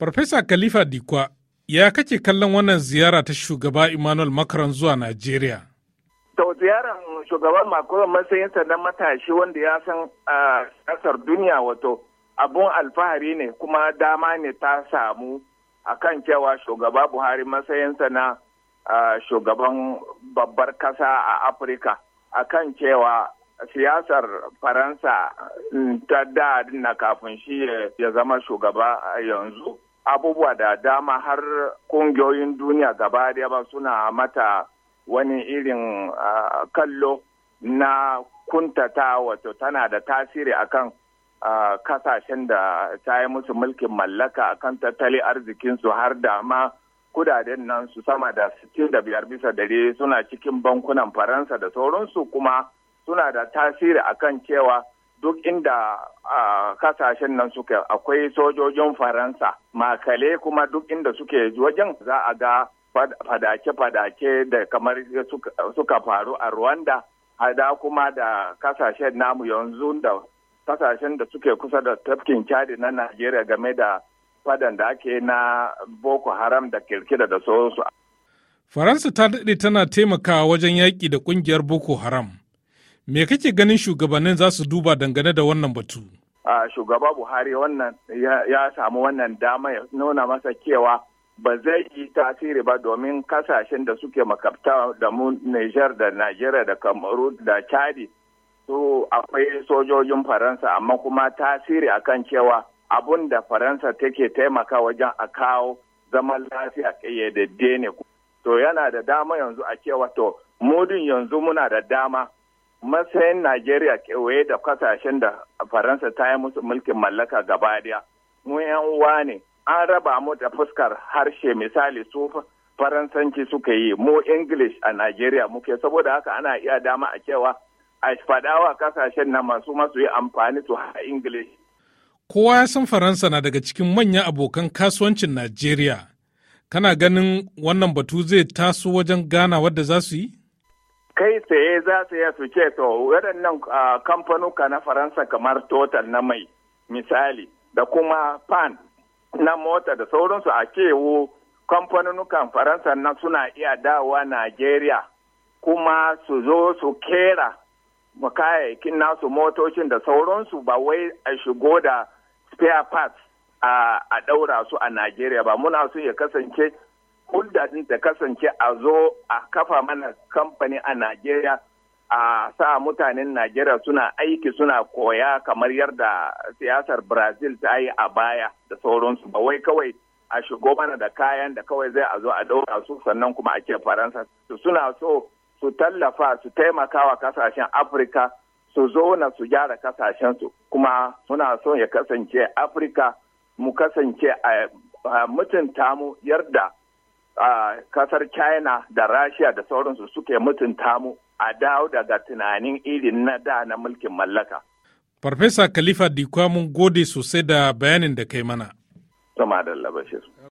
Farfesa Khalifa Dikwa, ya kake kallon wannan ziyara ta shugaba Emmanuel Macron zuwa Najeriya? To ziyarar shugaban Macron matsayinsa na matashi wanda ya san a ƙasar duniya wato abun alfahari ne kuma dama ne ta samu a kan cewa shugaba Buhari matsayinsa na shugaban babbar ƙasa a Afirka a kan cewa siyasar Faransa mm, ta da na kafin shi ya zama shugaba yanzu. abubuwa da dama har kungiyoyin duniya gaba daya ba suna mata wani irin kallo na kuntata wato tana da tasiri akan kasashen da ta yi musu mulkin mallaka akan tattali arzikinsu har da ma kudaden nan su sama da 65 bisa dare suna cikin bankunan faransa da sauransu kuma suna da tasiri akan cewa duk inda kasashen nan suke akwai sojojin faransa makale kuma duk inda suke wajen za a ga fadace-fadace da kamar suka faru a rwanda hada kuma da kasashen namu yanzu da kasashen da suke kusa da tafkin cadi na najeriya game da fadan da ake na boko haram da kirkira da sauransu faransa ta daɗe tana taimakawa wajen yaƙi da ƙungiyar boko haram Me kake ganin shugabannin za su duba dangane da wannan batu? shugaba Buhari wannan ya, samu wannan dama ya nuna masa cewa ba zai yi tasiri ba domin kasashen da suke makabta da mu Nijar da Najeriya da Kamaru da Chadi su akwai sojojin Faransa amma kuma tasiri a kan cewa abun da Faransa take taimaka wajen a kawo zaman lafiya ƙayyadadde ne. To yana da dama yanzu a cewa to mudun yanzu muna da dama matsayin Najeriya kewaye da kasashen da Faransa ta yi musu mulkin mallaka gaba daya. Mu yan uwa ne, an raba mu da fuskar harshe misali su Faransanci suka yi, mu English a Najeriya muke, saboda haka ana iya dama a cewa a fadawa kasashen na masu masu yi amfani su a English. Kowa ya san Faransa na daga cikin manyan abokan kasuwancin Najeriya. Kana ganin wannan batu zai taso wajen gana wadda za su yi? kai tsaye za su iya su ce to waɗannan kamfanuka na faransa kamar total na mai misali da kuma pan na mota da sauransu a kewo kamfanunukan faransa na suna iya dawa nigeria kuma su zo su kera kayayyakin nasu motocin da sauransu ba wai a shigo da spare parts a ɗaura su a nigeria ba muna su ya kasance hulda din ta kasance a zo a kafa mana kamfani a Najeriya a sa mutanen Najeriya suna aiki suna koya kamar yadda siyasar Brazil ta yi a baya da sauransu ba wai kawai a shigo mana da kayan da kawai zai a zo a daura su sannan kuma ake Faransa su suna so su tallafa su taimakawa kasashen Afirka su zo su gyara kasashen su kuma suna so ya kasance Afirka mu kasance a mutunta mu yarda kasar china da rasha da sauransu suke mutunta mu a dawo daga tunanin irin na da na mulkin mallaka farfesa khalifa dikwa mun gode sosai da bayanin da kai mana